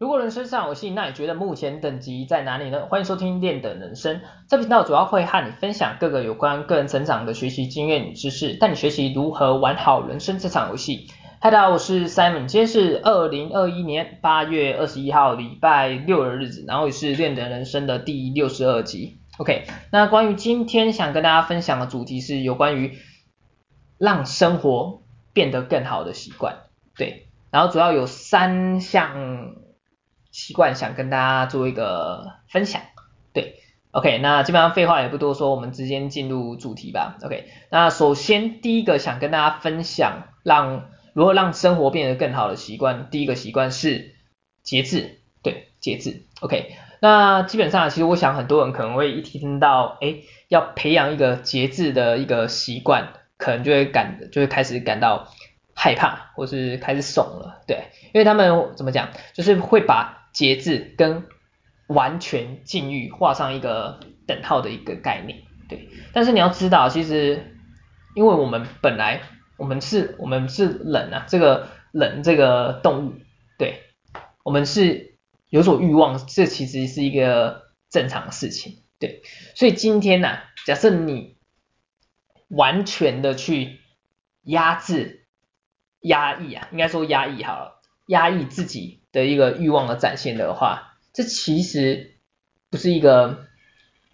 如果人生這場遊戲，那你覺得目前等級在哪裡呢？歡迎收聽《練等人生》這頻道，主要會和你分享各個有關個人成長的學習經驗與知識，帶你學習如何玩好人生這場遊戲。嗨，大家好，我是 Simon，今天是二零二一年八月二十一號禮拜六的日子，然後也是《練等人生》的第六十二集。OK，那關於今天想跟大家分享的主題是有關於讓生活變得更好的習慣，對，然後主要有三項。習慣想跟大家做一個分享，對，OK，那基本上廢話也不多說，我們直接進入主題吧，OK，那首先第一個想跟大家分享讓，讓如何讓生活變得更好的習慣，第一個習慣是節制，對，節制，OK，那基本上其實我想很多人可能會一聽到，哎，要培養一個節制的一個習慣，可能就會感就會開始感到害怕或是開始慫了，對，因為他們怎麼講，就是會把節制跟完全禁慾畫上一個等號的一個概念，對。但是你要知道，其實因為我們本來我們是我們是人啊，這個人這個動物，對，我們是有所慾望，這其實是一個正常的事情，對。所以今天呢、啊，假設你完全的去壓制、壓抑啊，應該說壓抑好壓抑自己，的一個欲望的展現的話，這其實不是一個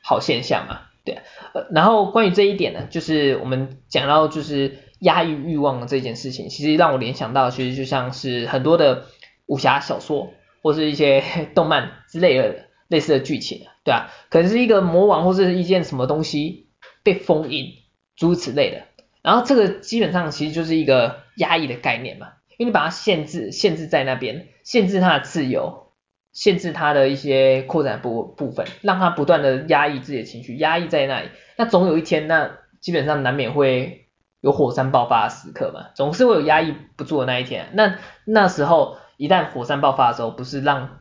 好現象嘛，對啊。呃，然後關於這一點呢，就是我們講到就是壓抑欲望的這件事情，其實讓我聯想到，其實就像是很多的武俠小說或是一些動漫之類的類似的劇情，對吧，對啊？可能是一個魔王或是一件什麼東西被封印諸如此類的，然後這個基本上其實就是一個壓抑的概念嘛。因為你把它限制、限制在那邊，限制他的自由，限制他的一些擴展部部分，讓他不斷的壓抑自己的情緒，壓抑在那裡。那總有一天，那基本上難免會有火山爆發的時刻嘛，總是會有壓抑不住的那一天啊。那那時候一旦火山爆發的時候，不是讓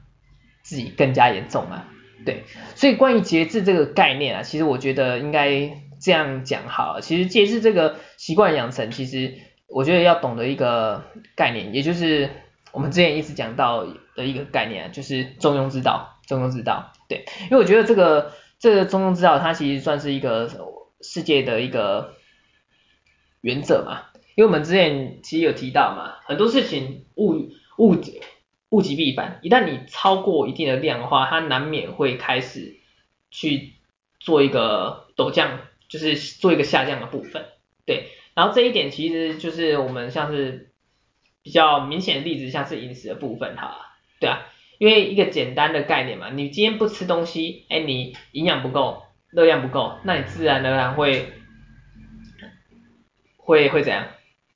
自己更加嚴重嘛？對，所以關於節制這個概念啊，其實我覺得應該這樣講好了。其實節制這個習慣養成，其實。我覺得要懂得一個概念，也就是我們之前一直講到的一個概念，就是中庸之道。中庸之道，對，因為我覺得這個這個中庸之道，它其實算是一個世界的一個原則嘛。因為我們之前其實有提到嘛，很多事情物物物極必反，一旦你超過一定的量的話，它難免會開始去做一個陡降，就是做一個下降的部分，對。然後這一點其實就是我們像是比較明顯的例子，像是飲食的部分哈，對啊，因為一個簡單的概念嘛，你今天不吃東西，哎，你營養不夠，熱量不夠，那你自然而然會會會怎樣？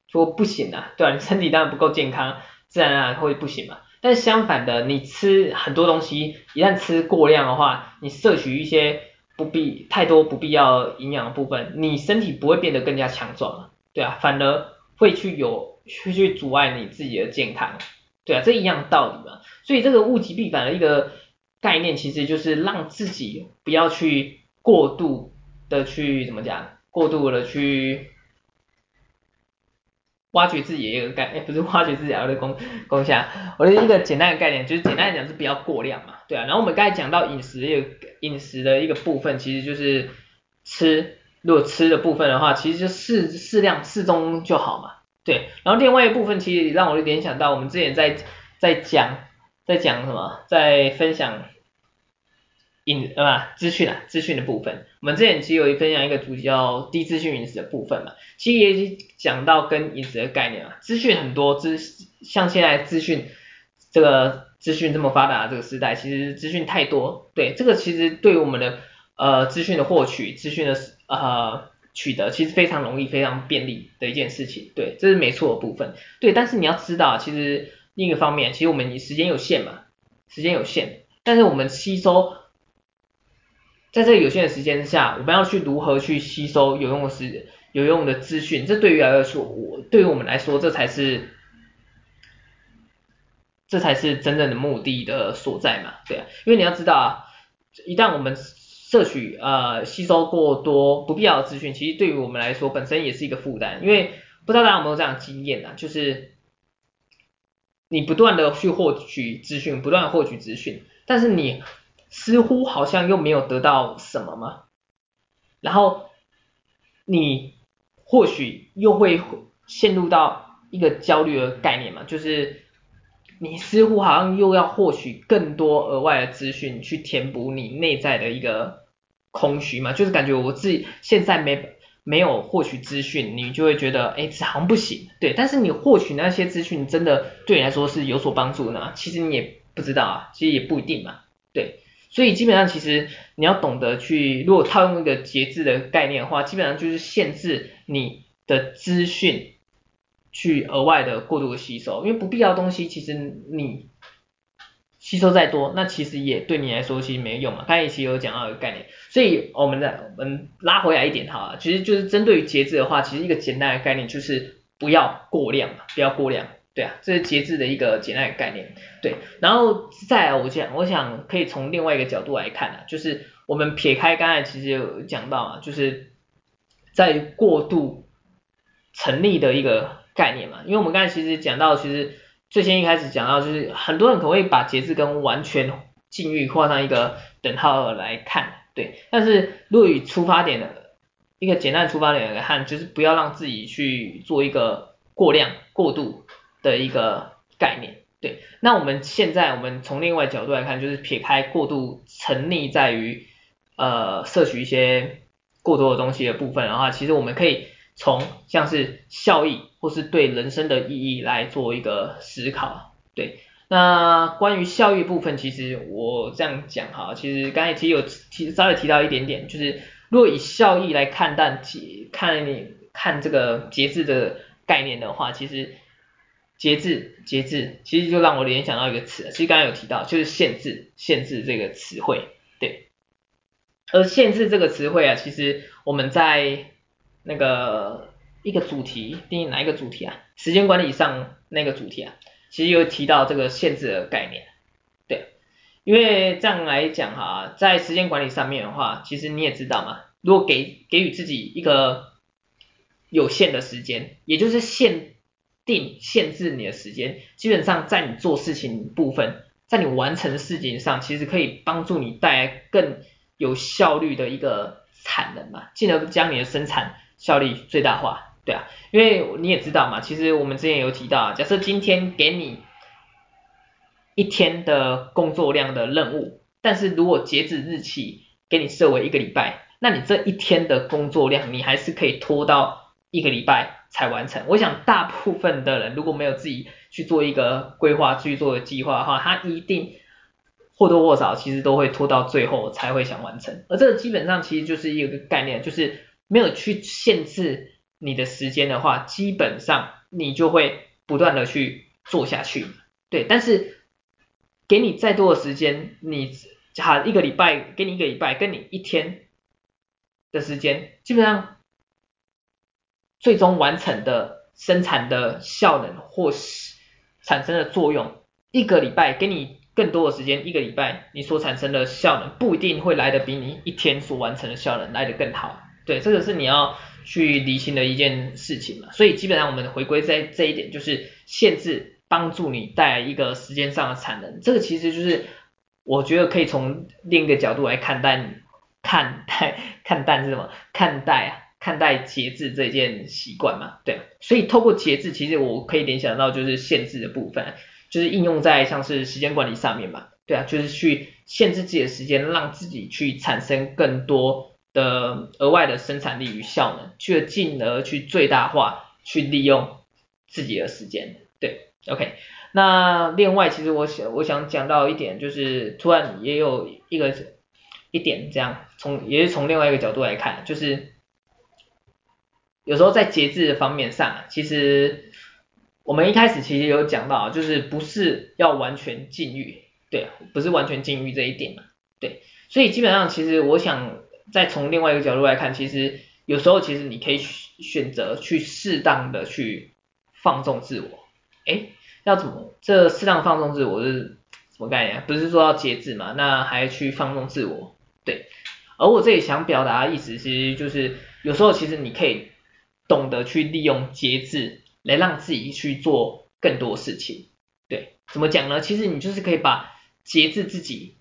說不行啊，對啊，你身體當然不夠健康，自然而然會不行嘛。但相反的，你吃很多東西，一旦吃過量的話，你攝取一些。不必太多不必要營養的部分，你身體不會變得更加強壯了，對啊，反而會去有會去阻礙你自己的健康，對啊，這一樣道理嘛，所以這個物極必反的一個概念，其實就是讓自己不要去過度的去怎麼講，過度的去。挖掘自己也有個概念，念、欸，不是挖掘自己的，而是攻攻下。我的一個簡單的概念，就是簡單來講是不要過量嘛，對啊。然後我們剛才講到飲食，飲食的一個部分其實就是吃，如果吃的部分的話，其實就適適量、適中就好嘛，對。然後另外一個部分其實也讓我聯想到我們之前在在講在講什麼，在分享。引、uh, 啊資訊啊資訊的部分，我們之前其實有一分享一個主題叫低資訊飲食的部分嘛，其實也講到跟飲食的概念啊，資訊很多資像現在資訊這個資訊這麼發達這個時代，其實資訊太多，對這個其實對我們的呃資訊的獲取資訊的呃取得其實非常容易非常便利的一件事情，對，這是沒錯的部分，對，但是你要知道，其實另一個方面，其實我們時間有限嘛，時間有限，但是我們吸收。在這個有限的時間下，我們要去如何去吸收有用的是有用的資訊，這對於來說，我對於我們來說，這才是這才是真正的目的的所在嘛，對啊，因為你要知道，啊，一旦我們攝取啊、呃，吸收過多不必要的資訊，其實對於我們來說本身也是一個負擔，因為不知道大家有沒有這樣的經驗啊，就是你不斷的去獲取資訊，不斷獲取資訊，但是你。似乎好像又沒有得到什麼嘛，然後你或許又會陷入到一個焦慮的概念嘛，就是你似乎好像又要獲取更多額外的資訊去填補你內在的一個空虛嘛，就是感覺我自己現在沒沒有獲取資訊，你就會覺得哎這好像不行，對。但是你獲取那些資訊真的對你來說是有所幫助呢？其實你也不知道啊，其實也不一定嘛，對。所以基本上，其實你要懂得去，如果套用一個節制的概念的話，基本上就是限制你的資訊去額外的過度的吸收，因為不必要的東西，其實你吸收再多，那其實也對你來說其實沒用嘛。剛才也其實有講到一個概念，所以我們的，我們拉回來一點好了，其實就是針對於節制的話，其實一個簡單的概念就是不要過量嘛，不要過量。對啊，這是節制的一個簡單的概念。對，然後再來，我講，我想可以從另外一個角度來看啊，就是我們撇開剛才其實有講到啊，就是在過度成立的一個概念嘛。因為我們剛才其實講到，其實最先一開始講到，就是很多人可能會把節制跟完全禁欲畫上一個等號來看。對，但是如果以出發點的一個簡單的出發點來看，就是不要讓自己去做一個過量、過度。的一個概念，對。那我們現在，我們從另外角度來看，就是撇開過度沉溺在於呃攝取一些過多的東西的部分的話，其實我們可以從像是效益或是對人生的意義來做一個思考，對。那關於效益部分，其實我這樣講哈，其實剛才其實有，其實稍微提到一點點，就是若以效益來看待，看看這個節制的概念的話，其實。節制，節制，其實就讓我聯想到一個詞，其實剛才有提到，就是限制，限制這個詞彙，對。而限制這個詞彙啊，其實我們在那個一個主題，定義哪一個主題啊？時間管理上那個主題啊，其實有提到這個限制的概念，對。因為這樣來講哈、啊，在時間管理上面的話，其實你也知道嘛，如果給給予自己一個有限的時間，也就是限。定限制你的時間，基本上在你做事情部分，在你完成事情上，其實可以幫助你帶來更有效率的一個產能嘛，進而將你的生產效率最大化，對啊，因為你也知道嘛，其實我們之前有提到啊，假設今天給你一天的工作量的任務，但是如果截止日期給你設為一個禮拜，那你這一天的工作量，你還是可以拖到。一個禮拜才完成。我想大部分的人如果沒有自己去做一個規劃，去做個計劃的話，他一定或多或少其實都會拖到最後才會想完成。而這個基本上其實就是一個概念，就是沒有去限制你的時間的話，基本上你就會不斷的去做下去。對，但是給你再多的時間，你哈一個禮拜，給你一個禮拜，跟你一天的時間，基本上。最終完成的生產的效能，或是產生的作用，一個禮拜給你更多的時間，一個禮拜你所產生的效能，不一定會來得比你一天所完成的效能來得更好。對，這個是你要去釐清的一件事情嘛。所以基本上我們回歸在這一點，就是限制幫助你帶來一個時間上的產能。這個其實就是我覺得可以從另一個角度來看待你，看待看待是什麼？看待啊。看待節制這件習慣嘛，對啊，所以透過節制，其實我可以聯想到就是限制的部分，就是應用在像是時間管理上面嘛，對啊，就是去限制自己的時間，讓自己去產生更多的額外的生產力與效能，去而進而去最大化去利用自己的時間，對，OK，那另外其實我想我想講到一點，就是突然也有一個一點這樣，從也是從另外一個角度來看，就是。有時候在節制的方面上，其實我們一開始其實有講到，就是不是要完全禁欲，對，不是完全禁欲這一點嘛，對，所以基本上其實我想再從另外一個角度來看，其實有時候其實你可以選擇去適當的去放縱自我，誒，要怎麼？這適當放縱自我是什麼概念啊？不是說要節制嘛，那還去放縱自我，對。而我這裡想表達的意思其實就是有時候其實你可以。懂得去利用節制來讓自己去做更多事情，對，怎麼講呢？其實你就是可以把節制自己，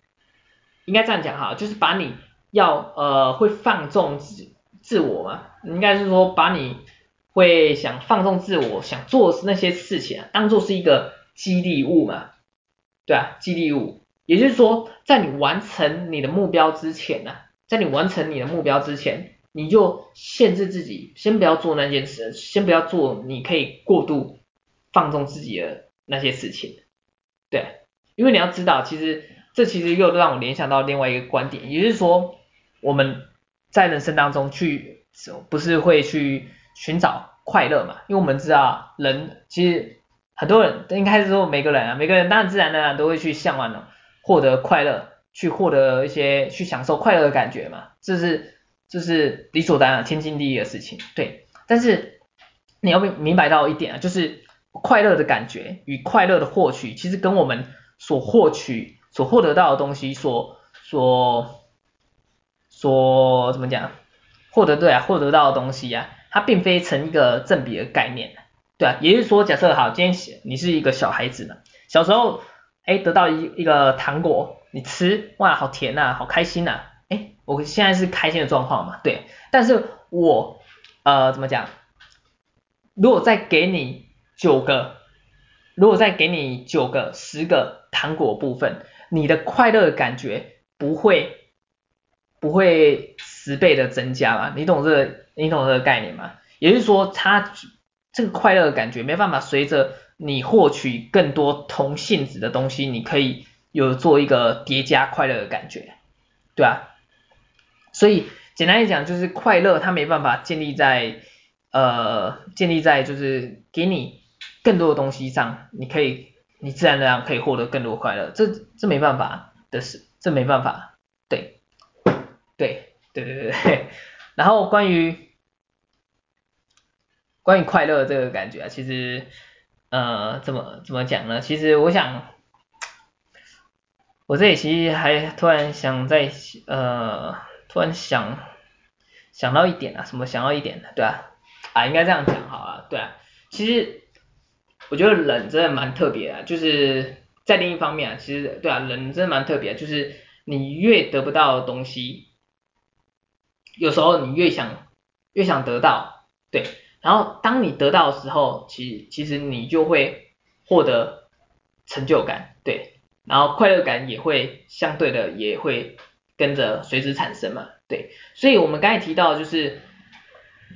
應該這樣講哈，就是把你要呃會放縱自自我嘛，應該是說把你會想放縱自我想做的那些事情啊，當做是一個激勵物嘛，對啊，激勵物，也就是說在你完成你的目標之前呢、啊，在你完成你的目標之前。你就限制自己，先不要做那件事，先不要做，你可以過度放縱自己的那些事情，對，因為你要知道，其實這其實又讓我聯想到另外一個觀點，也就是說，我們在人生當中去，不是會去尋找快樂嘛？因為我們知道人，人其實很多人，應該是說每個人啊，每個人當然自然而然啊，都會去向往呢，獲得快樂，去獲得一些去享受快樂的感覺嘛，這是。就是理所當然、天經地義的事情，對。但是你要明明白到一點啊，就是快樂的感覺與快樂的獲取，其實跟我們所獲取、所獲得到的東西，所、所、所怎麼講？獲得，對啊，獲得到的東西啊，它並非成一個正比的概念，對啊。也就是說，假設好，今天你是一個小孩子嘛，小時候哎得到一一個糖果，你吃，哇，好甜吶，好開心吶。我現在是開心的狀況嘛，對，但是我呃怎麼講？如果再給你九個，如果再給你九個、十個糖果部分，你的快樂的感覺不會不會十倍的增加嘛？你懂這個，你懂這個概念嗎？也就是說它，它這個快樂的感覺沒辦法隨着你獲取更多同性質的東西，你可以有做一個疊加快樂的感覺，對吧，啊？所以簡單一講，就是快樂它沒辦法建立在呃建立在就是給你更多的東西上，你可以你自然而然可以獲得更多快樂，這這沒辦法的事，這沒辦法，對對對對對。然後關於關於快樂這個感覺啊，其實呃怎麼怎麼講呢？其實我想我這裡其實還突然想在呃。突然想想到一點啊，什麼想到一點呢？啊？對啊，啊，應該這樣講好啊。對啊。其實我覺得人真的蠻特別啊，就是在另一方面啊，其實對啊，人真的蠻特別，就是你越得不到的東西，有時候你越想越想得到，對。然後當你得到的時候，其實其實你就會獲得成就感，對。然後快樂感也會相對的也會。跟着隨之產生嘛，對，所以我們剛才提到，就是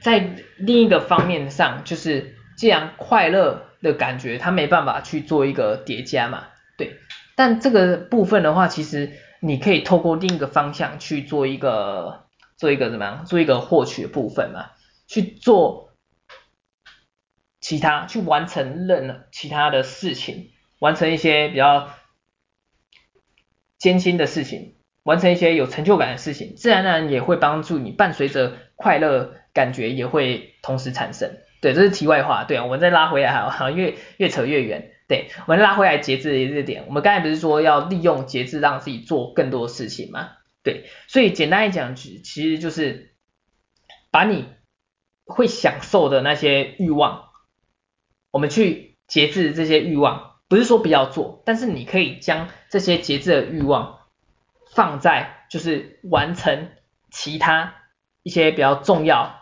在另一個方面上，就是既然快樂的感覺它沒辦法去做一個疊加嘛，對，但這個部分的話，其實你可以透過另一個方向去做一個做一個怎麼樣，做一個獲取的部分嘛，去做其他，去完成任其他的事情，完成一些比較艱辛的事情。完成一些有成就感的事情，自然而然也會幫助你，伴隨着快樂感覺也會同時產生。對，這是題外話。對啊，我們再拉回來好像，好好越越扯越遠。對，我們拉回來節制的這點，我們剛才不是說要利用節制讓自己做更多的事情嗎？對，所以簡單來講，其實就是把你會享受的那些慾望，我們去節制這些慾望，不是說不要做，但是你可以將這些節制的慾望。放在就是完成其他一些比較重要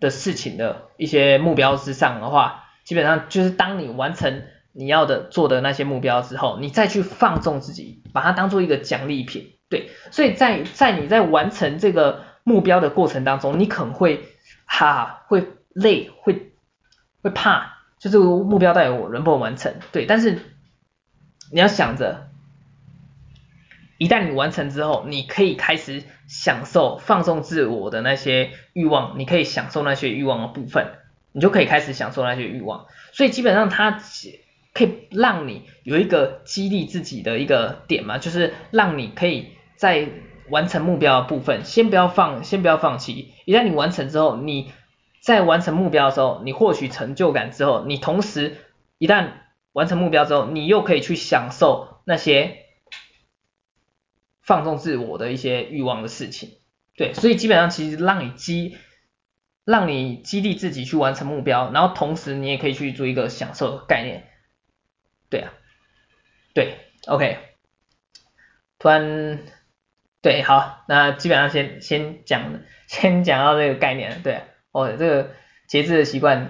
的事情的一些目標之上的話，基本上就是當你完成你要的做的那些目標之後，你再去放縱自己，把它當做一個獎勵品，對。所以在在你在完成這個目標的過程當中，你可能會哈會累，會會怕，就是目標到底我能不能完成，對。但是你要想着。一旦你完成之後，你可以開始享受放縱自我的那些欲望，你可以享受那些欲望的部分，你就可以開始享受那些欲望。所以基本上它可以讓你有一個激勵自己的一個點嘛，就是讓你可以在完成目標的部分，先不要放，先不要放棄。一旦你完成之後，你在完成目標的時候，你獲取成就感之後，你同時一旦完成目標之後，你又可以去享受那些。放縱自我的一些慾望的事情，對，所以基本上其實讓你激，讓你激勵自己去完成目標，然後同時你也可以去做一個享受概念，對啊，對，OK，突然，對，好，那基本上先先講，先講到這個概念，對啊，哦，這個節制的習慣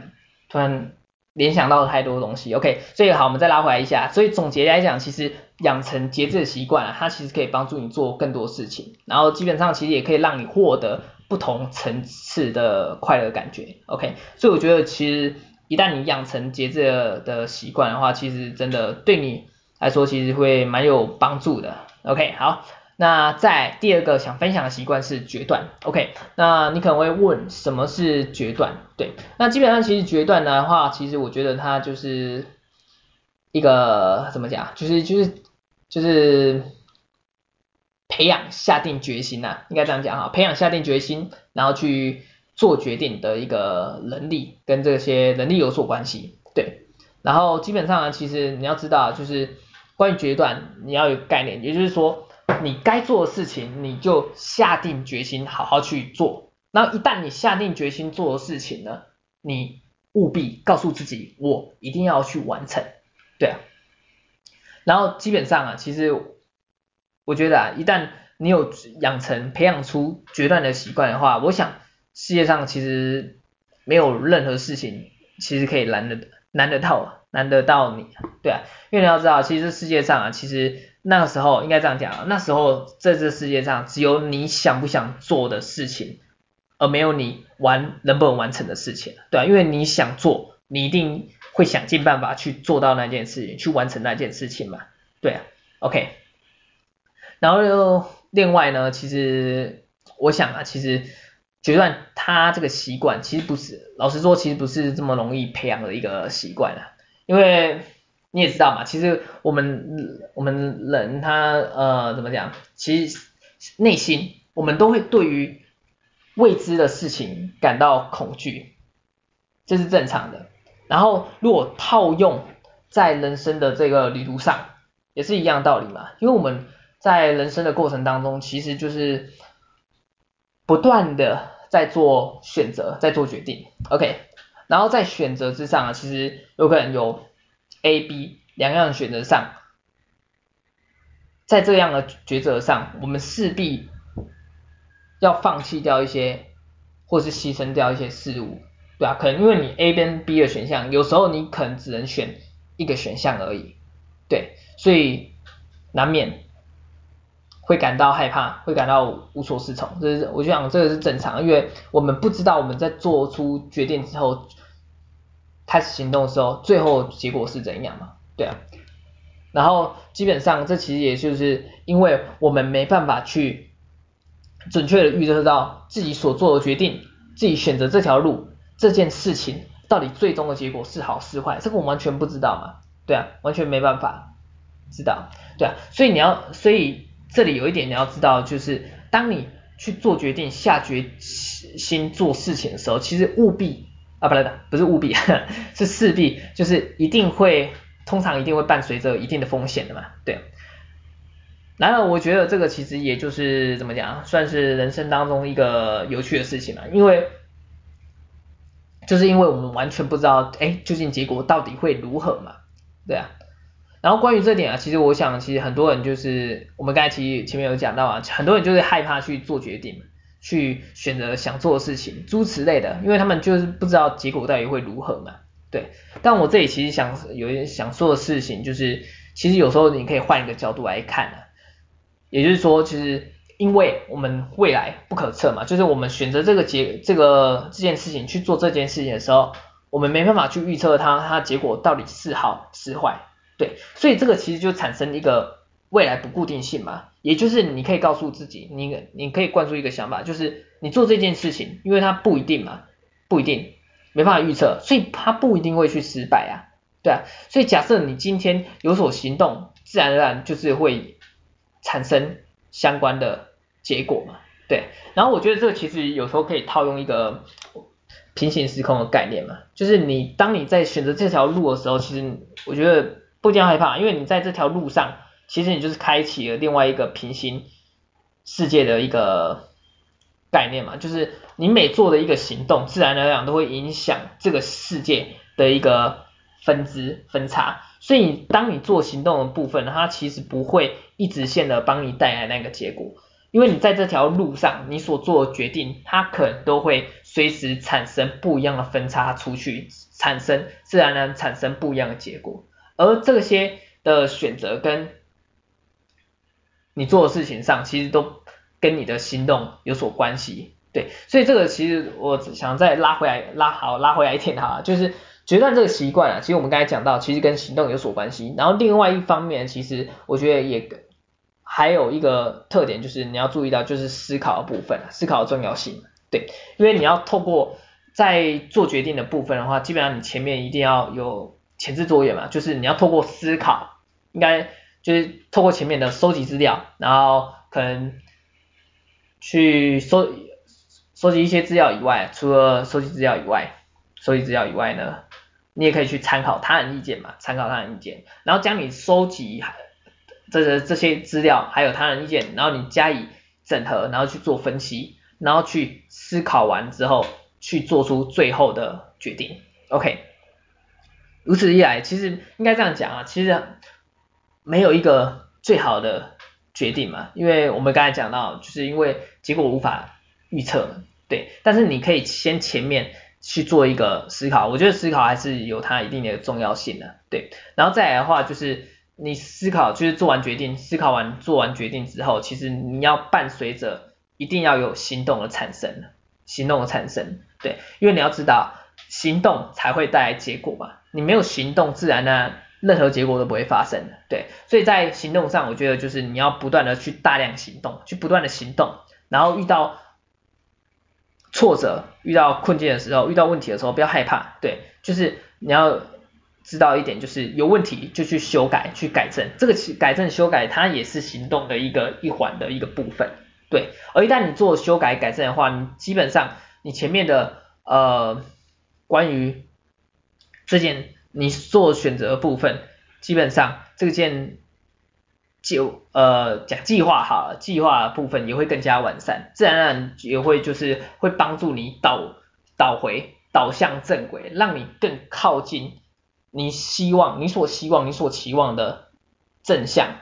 突然聯想到了太多東西，OK，所以好，我們再拉回來一下，所以總結來講，其實。養成節制的習慣，啊，它其實可以幫助你做更多事情，然後基本上其實也可以讓你獲得不同層次的快樂感覺。OK，所以我覺得其實一旦你養成節制的習慣的話，其實真的對你來說其實會蠻有幫助的。OK，好，那在第二個想分享的習慣是決斷。OK，那你可能會問什麼是決斷？對，那基本上其實決斷的話，其實我覺得它就是一個怎麼講，就是就是。就是培養下定決心吶、啊，應該這樣講哈，培養下定決心，然後去做決定的一個能力，跟這些能力有所關係，對。然後基本上呢，其實你要知道，就是關於決斷，你要有概念，也就是說，你該做的事情，你就下定決心好好去做。那一旦你下定決心做的事情呢，你務必告訴自己，我一定要去完成，對啊。然後基本上啊，其實我覺得啊，一旦你有養成、培養出決斷的習慣的話，我想世界上其實沒有任何事情，其實可以攔得的、攔得到、攔得到你，對啊，因為你要知道，其實世界上啊，其實那個時候應該這樣講啊，那時候在這世界上，只有你想不想做的事情，而沒有你完能不能完成的事情，對啊，因為你想做。你一定會想盡辦法去做到那件事情，去完成那件事情嘛？對啊，OK。然後又另外呢，其實我想啊，其實決斷他這個習慣，其實不是，老實說其實不是這麼容易培養的一個習慣啊，因為你也知道嘛，其實我們我們人他呃怎麼講？其實內心我們都會對於未知的事情感到恐懼，這是正常的。然後，如果套用在人生的這個旅途上，也是一樣道理嘛。因為我們在人生的過程當中，其實就是不斷的在做選擇，在做決定。OK，然後在選擇之上啊，其實有可能有 A、B 兩樣的選擇上，在這樣的抉擇上，我們勢必要放棄掉一些，或是犧牲掉一些事物。對啊，可能因為你 A 跟 B 的選項，有時候你可能只能選一個選項而已，對，所以難免會感到害怕，會感到無，無所適從。這、就是我就想這個是正常，因為我們不知道我們在做出決定之後開始行動的時候，最後結果是怎樣嘛？對啊，然後基本上這其實也就是因為我們沒辦法去準確的預測到自己所做的決定，自己選擇這條路。這件事情到底最終的結果是好是壞，這個我們完全不知道嘛？對啊，完全沒辦法知道。對啊，所以你要，所以這裡有一點你要知道，就是當你去做決定、下決心做事情的時候，其實務必啊，不來，不是務必呵呵，是勢必，就是一定會，通常一定會伴隨着一定的風險的嘛？對啊。然後，我覺得這個其實也就是怎麼講，算是人生當中一個有趣的事情嘛，因為。就是因為我們完全不知道，誒、欸，究竟結果到底會如何嘛？對啊。然後關於這點啊，其實我想，其實很多人就是我們剛才其實前面有講到啊，很多人就是害怕去做決定，去選擇想做的事情諸如此類的，因為他們就是不知道結果到底會如何嘛？對。但我這裡其實想有點想說的事情就是，其實有時候你可以換一個角度來看啊，也就是說、就是，其實。因為我們未來不可測嘛，就是我們選擇這個結這個這件事情，去做這件事情的時候，我們沒辦法去預測它，它結果到底是好是壞，對，所以這個其實就產生一個未來不固定性嘛，也就是你可以告訴自己，你你可以灌輸一個想法，就是你做這件事情，因為它不一定嘛，不一定沒辦法預測，所以它不一定會去失敗啊，對啊，所以假設你今天有所行動，自然而然就是會產生相關的。結果嘛，對。然後我覺得這個其實有時候可以套用一個平行時空的概念嘛，就是你當你在選擇這條路的時候，其實我覺得不一定要害怕，因為你在這條路上，其實你就是開啟了另外一個平行世界的一個概念嘛，就是你每做的一個行動，自然而然都會影響這個世界的一個分支分叉，所以你當你做行動的部分，它其實不會一直線的幫你帶來那個結果。因為你在這條路上，你所做的決定，它可能都會隨時產生不一樣的分叉出去，產生自然而然，產生不一樣的結果。而這些的選擇跟你做的事情上，其實都跟你的行動有所關係。對，所以這個其實我只想再拉回來，拉好拉回來一點哈，就是決斷這個習慣啊，其實我們剛才講到，其實跟行動有所關係。然後另外一方面，其實我覺得也。還有一個特點就是你要注意到，就是思考的部分，思考的重要性，對，因為你要透過在做決定的部分的話，基本上你前面一定要有前置作業嘛，就是你要透過思考，應該就是透過前面的收集資料，然後可能去收收集一些資料以外，除了收集資料以外，收集資料以外呢，你也可以去參考他人意見嘛，參考他人意見，然後將你收集這這些資料，還有他人意見，然後你加以整合，然後去做分析，然後去思考完之後，去做出最後的決定。OK，如此一來，其實應該這樣講啊，其實沒有一個最好的決定嘛，因為我們剛才講到，就是因為結果無法預測，對。但是你可以先前面去做一個思考，我覺得思考還是有它一定的重要性呢，啊，對。然後再來的話就是。你思考就是做完決定，思考完做完決定之後，其實你要伴隨着一定要有行動的產生，行動的產生，對，因為你要知道行動才會帶來結果嘛，你沒有行動，自然呢、啊、任何結果都不會發生，對，所以在行動上，我覺得就是你要不斷的去大量行動，去不斷的行動，然後遇到挫折、遇到困境的時候、遇到問題的時候，不要害怕，對，就是你要。知道一點就是有問題就去修改，去改正，這個改改正修改它也是行動的一個一環的一個部分，對。而一旦你做修改改正的話，你基本上你前面的呃關於這件你做選擇的部分，基本上這件就呃講計劃哈，計劃的部分也會更加完善，自然而然也會就是會幫助你導導回導向正軌，讓你更靠近你希望你所希望你所期望的正向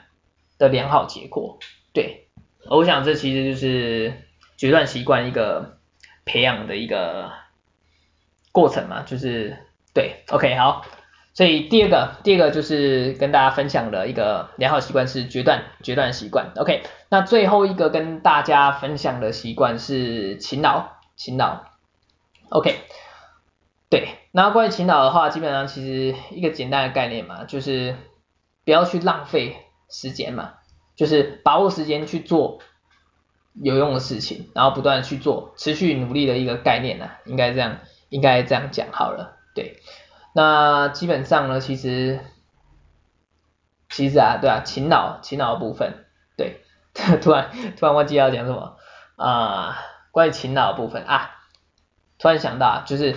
的良好結果，對，我想這其實就是決斷習慣一個培養的一個過程嘛，就是對，OK 好，所以第二個第二個就是跟大家分享的一個良好習慣是決斷決斷習慣，OK，那最後一個跟大家分享的習慣是勤勞勤勞，OK，對。然後關於勤勞的話，基本上其實一個簡單的概念嘛，就是不要去浪費時間嘛，就是把握時間去做有用的事情，然後不斷的去做，持續努力的一個概念呢、啊，應該這樣，應該這樣講好了。對，那基本上呢，其實，其實啊，對啊，勤勞，勤勞的部分，對，突然突然忘記要講什麼啊、呃，關於勤勞的部分啊，突然想到就是。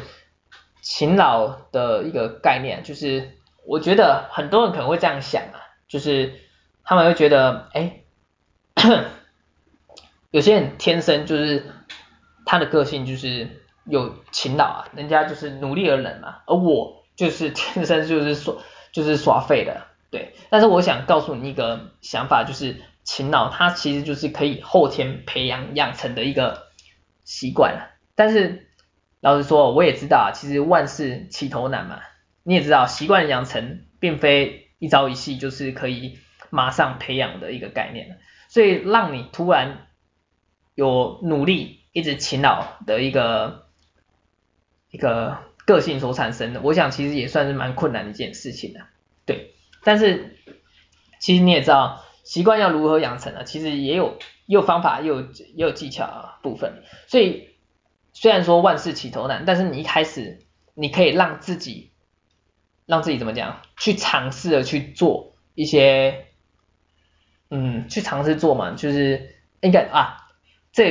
勤勞的一個概念，就是我覺得很多人可能會這樣想啊，就是他們會覺得，哎、欸， 有些人天生就是他的個性就是有勤勞啊，人家就是努力的人嘛、啊，而我就是天生就是說就是耍廢的，對。但是我想告訴你一個想法，就是勤勞它其實就是可以後天培養養成的一個習慣，但是。老實說，我也知道，其實萬事起頭難嘛。你也知道，習慣養成並非一朝一夕，就是可以馬上培養的一個概念。所以，讓你突然有努力、一直勤勞的一個一個個性所產生的，我想其實也算是蠻困難的一件事情的、啊。對，但是其實你也知道，習慣要如何養成啊？其實也有也有方法，也有也有技巧部分，所以。雖然說萬事起頭難，但是你一開始，你可以讓自己，讓自己怎麼講，去嘗試的去做一些，嗯，去嘗試做嘛，就是應該啊，這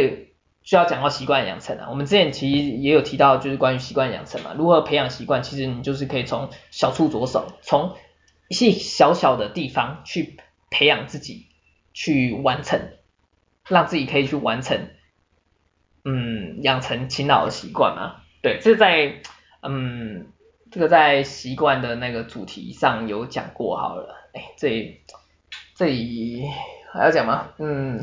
需要講到習慣養成啊。我們之前其實也有提到，就是關於習慣養成嘛，如何培養習慣，其實你就是可以從小處着手，從一些小小的地方去培養自己，去完成，讓自己可以去完成。嗯，養成勤勞的習慣嗎？對，這在嗯，這個在習慣的那個主題上有講過好了。哎、欸，這裡這裡還要講嗎？嗯，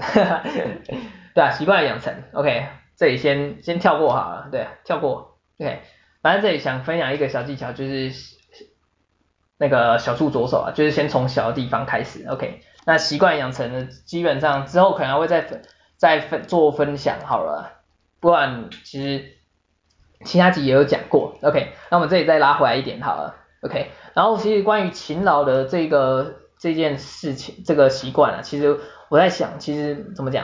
對啊，習慣養成，OK，這裡先先跳過好了，對、啊，跳過，OK。反正這裡想分享一個小技巧，就是那個小處着手啊，就是先從小地方開始，OK。那習慣養成的基本上之後可能會再分再分做分享好了。不管其實其他集也有講過，OK，那我們這裡再拉回來一點好了，OK。然後其實關於勤勞的這個這件事情，這個習慣啊，其實我在想，其實怎麼講？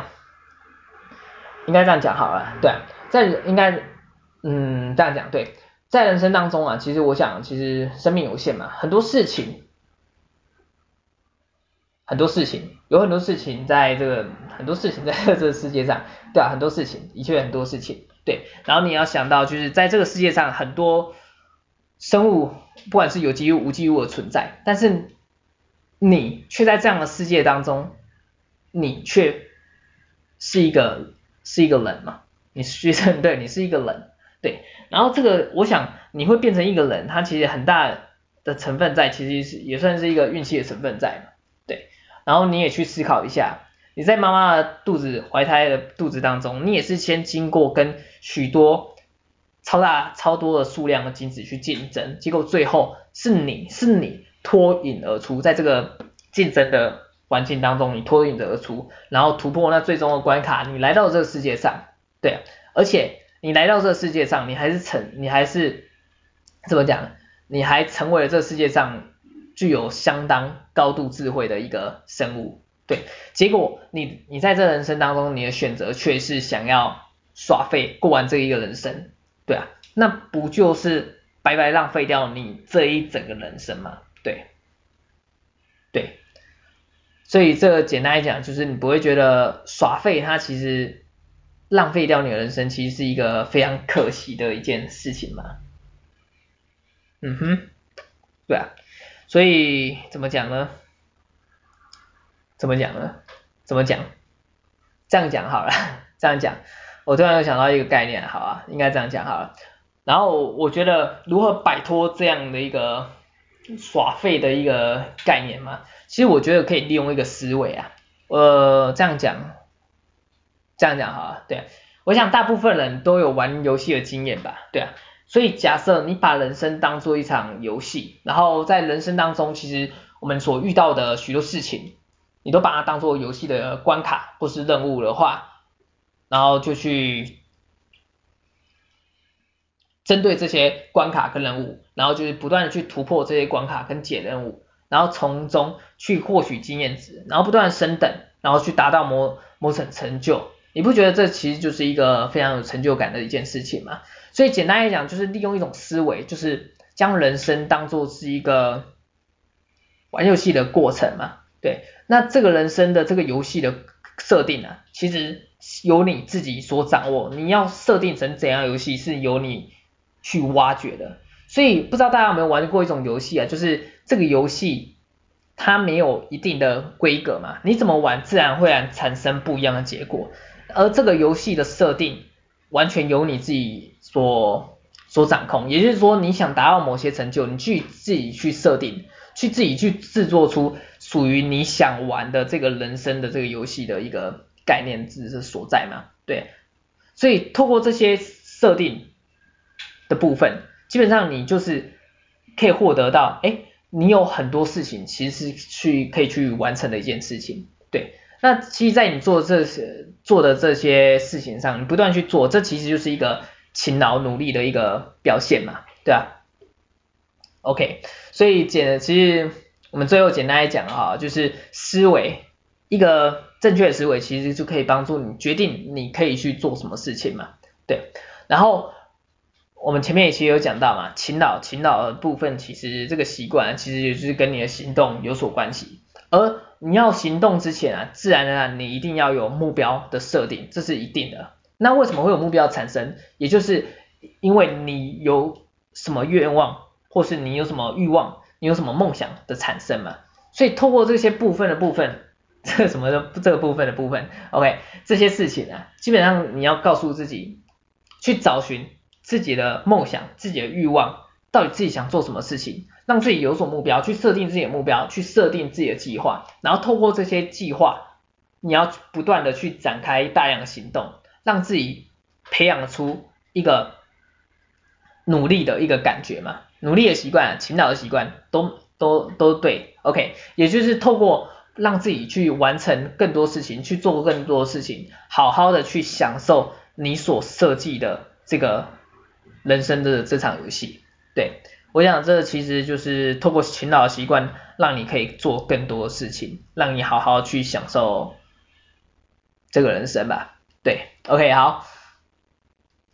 應該這樣講好了。對啊，在應該嗯，這樣講，對，在人生當中啊，其實我想，其實生命有限嘛，很多事情。很多事情，有很多事情在這個，很多事情在這個世界上，對啊，很多事情，的確很多事情，對。然後你要想到，就是在這個世界上，很多生物，不管是有機物、無機物的存在，但是你卻在這樣的世界當中，你卻是一個是一個人嘛？你學生，對你是一個人，對。然後這個，我想你會變成一個人，他其實很大的成分在，其實是也算是一個運氣的成分在嘛。然後你也去思考一下，你在媽媽的肚子懷胎的肚子當中，你也是先經過跟許多超大超多的數量的精子去競爭，結果最後是你是你脫穎而出，在這個競爭的環境當中，你脫穎而出，然後突破那最終的關卡，你來到這個世界上，對啊，而且你來到這個世界上，你還是成，你還是怎麼講，你還成為了這個世界上。具有相當高度智慧的一個生物，對，結果你你在這人生當中，你的選擇卻是想要耍廢過完這一個人生，對啊，那不就是白白浪費掉你這一整個人生嗎？對，對，所以這個簡單來講，就是你不會覺得耍廢，它其實浪費掉你的人生，其實是一個非常可惜的一件事情嗎？嗯哼，對啊。所以怎麼講呢？怎麼講呢？怎麼講？這樣講好了，這樣講。我突然想到一個概念，好啊，應該這樣講好了。然後我覺得如何擺脫這樣的一個耍廢的一個概念嘛，其實我覺得可以利用一個思維啊，呃，這樣講，這樣講好了。對啊，我想大部分人都有玩遊戲的經驗吧，對啊。所以假設你把人生當做一場遊戲，然後在人生當中，其實我們所遇到的許多事情，你都把它當做遊戲的關卡或是任務的話，然後就去針對這些關卡跟任務，然後就是不斷的去突破這些關卡跟解任務，然後從中去獲取經驗值，然後不斷地升等，然後去達到某某種成，成就，你不覺得這其實就是一個非常有成就感的一件事情嗎？所以簡單來講，就是利用一種思維，就是將人生當作是一個玩遊戲的過程嘛，對。那這個人生的這個遊戲的設定啊，其實由你自己所掌握，你要設定成怎樣，遊戲是由你去挖掘的。所以不知道大家有沒有玩過一種遊戲啊，就是這個遊戲它沒有一定的規格嘛，你怎麼玩自然會產生不一樣的結果，而這個遊戲的設定，完全由你自己所所掌控，也就是說，你想達到某些成就，你去自己去設定，去自己去制作出屬於你想玩的這個人生的這個遊戲的一個概念，只是所在嘛？對。所以，透過這些設定的部分，基本上你就是可以獲得到，哎、欸，你有很多事情其實是去可以去完成的一件事情，對。那其實，在你做這些做的這些事情上，你不斷去做，這其實就是一個勤勞努力的一個表現嘛，對啊。OK，所以簡直其實我們最後簡單來講哈，就是思維一個正確的思維，其實就可以幫助你決定你可以去做什麼事情嘛，對。然後我們前面也其實有講到嘛，勤勞勤勞的部分，其實這個習慣其實也就是跟你的行動有所關係，而。你要行動之前啊，自然而然你一定要有目標的設定，這是一定的。那為什麼會有目標產生？也就是因為你有什麼願望，或是你有什麼欲望，你有什麼夢想的產生嘛？所以透過這些部分的部分，這個、什麼的這個部分的部分，OK，這些事情啊，基本上你要告訴自己，去找尋自己的夢想、自己的欲望，到底自己想做什麼事情。讓自己有所目標，去設定自己的目標，去設定自己的計劃，然後透過這些計劃，你要不斷的去展開大量的行動，讓自己培養出一個努力的一個感覺嘛，努力的習慣，勤勞的習慣，都都都對，OK，也就是透過讓自己去完成更多事情，去做更多事情，好好的去享受你所設計的這個人生的這場遊戲，對。我想，這個其實就是透過勤勞的習慣，讓你可以做更多的事情，讓你好好去享受這個人生吧。對，OK，好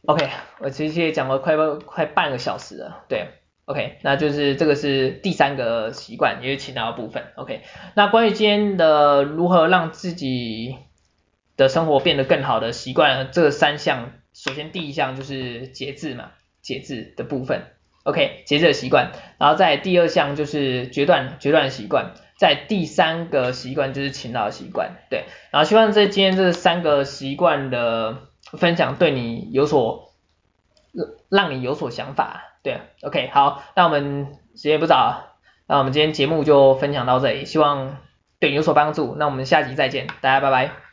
，OK，我其實也講了快快半個小時了。對，OK，那就是這個是第三個習慣，也就是勤勞的部分。OK，那關於今天的如何讓自己的生活變得更好的習慣，這三項，首先第一項就是節制嘛，節制的部分。OK，節制的習慣，然後在第二項就是決斷，決斷的習慣，在第三個習慣就是勤勞的習慣，對。然後希望這今天這三個習慣的分享對你有所，讓你有所想法，對。OK，好，那我們時間不早了，那我們今天節目就分享到這裡，希望對你有所幫助。那我們下集再見，大家拜拜。